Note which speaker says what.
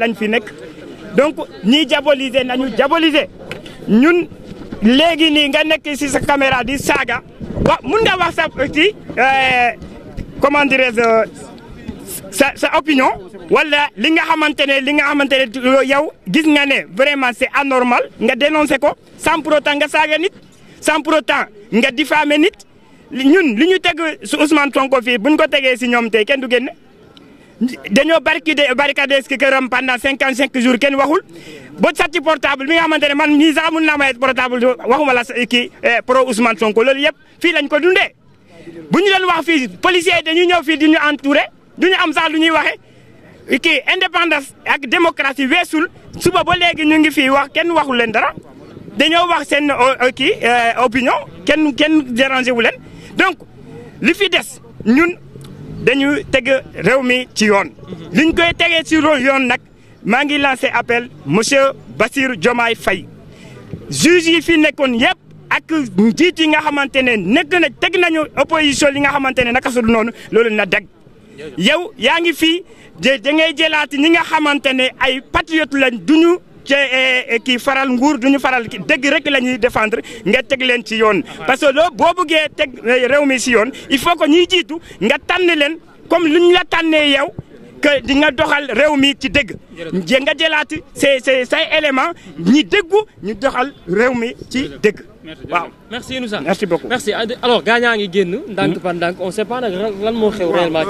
Speaker 1: lañ fi nekk donc ñi diaboliser nañu diaboliser ñun léegi nii nga nekk si sa caméra di saaga wa mun nga wax sa ci euh, comment dirais-je euh, sa sa opinion wala li nga xamante ne li nga xamante ne yow gis nga ne vraiment c'est anormal nga dénoncer ko sans pour autant nga saaga nit sans pour autant nga diffamer nit ñun li ñu teg su Ousmane Sonko bu ñu ko tegee si ñoom tey kenn du génne dañoo barricadé barricadé ci këram pendant cinquante cinq jours kenn waxul ba sàcc portable bi nga xamante ne man ñii sax mun naa may portable waxuma la kii eh, pro Ousmane Sonko loolu yëpp fii lañ ko dundee. bu ñu doon wax fii policiers yi dañuy ñëw fii di ñu entouré du ñu am sax lu ñuy waxee kii indépendance ak démocratie weesul suba ba léegi ñu ngi fii wax kenn waxul leen dara dañoo wax seen kii eh, opinion kenn kenn dérangé wu leen donc fi des ñun. dañu teg réew mi ci yoon mhm. liñ ñu koy tegee ci yoon nag maa ngi lancé appel monsieur Bassirou jomaay fay juge yi fi nekkoon yëpp ak njiit yi nga xamante ne nekk na teg nañu opposition li nga xamante ne naka su noonu loolu na dagg yow yaa ngi fii da ngay jëlaati ñi nga xamante ne ay patriote lañ duñu ci e e kii faral nguur du ñu faral ki dëgg rek la ñuy défendre nga teg leen ci yoon parce que loo boo buggee teg eh, réew mi si yoon il faut que ñuy jiitu nga tànn leen comme lu ñu la tànnee yow que di nga doxal réew mi ci dëgg nga jëlaat say say say élément ñi dëggu ñu doxal réew mi ci dëgg waaw merci Inoussa merci beaucoup merci ah, alors gaañaa ngi génn ndànk par ndànk on sait pas nag lan